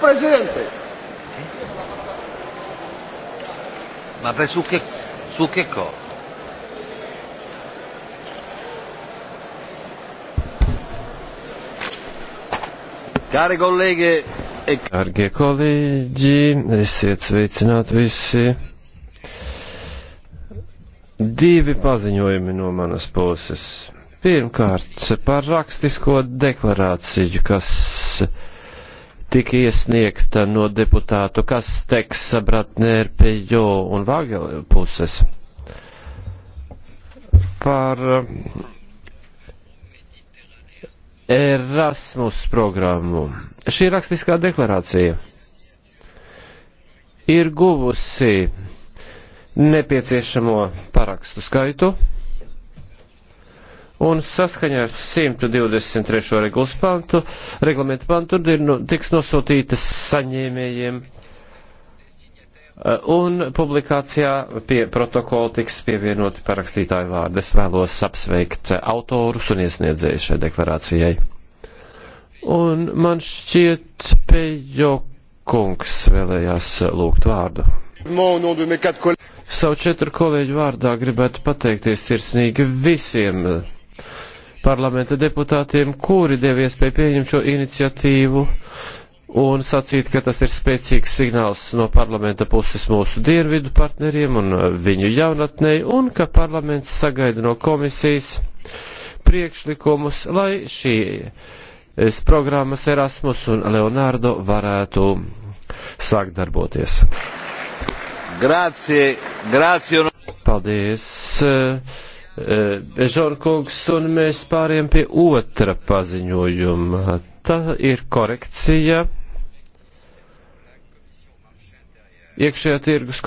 Presidente. Ma per su che, su che cosa? Cari colleghe e... Dargie kolēģi, esiet sveicināti visi. Divi paziņojumi no manas puses. Pirmkārt, par rakstisko deklarāciju, kas tika iesniegta no deputātu Kasteks, Bratnēr, Pejo un Vāgela puses par eh, Erasmus programmu. Šī rakstiskā deklarācija ir guvusi nepieciešamo parakstu skaitu un saskaņā ar 123. regulas pantu, reglamentu pantu, tur ir, nu, tiks nosūtītas saņēmējiem, eh, un publikācijā pie protokola tiks pievienoti parakstītāju vārdi. Es vēlos apsveikt autorus un iesniedzēju šai deklarācijai. Un man šķiet, Pejo kungs vēlējās lūgt vārdu. Savu četru kolēģu vārdā gribētu pateikties sirsnīgi visiem parlamenta deputātiem, kuri deva iespēju pieņemt šo iniciatīvu un sacīt, ka tas ir spēcīgs signāls no parlamenta puses mūsu dienvidu partneriem un viņu jaunatnei, un ka parlaments sagaida no komisijas priekšlikumus, lai šīs programmas Erasmus un Leonardo varētu sākt darboties. Grācie, grācie. Paldies. Bežorkungs, eh, un mēs pāriem pie otra paziņojuma. Tā ir korekcija iekšējā tirgus.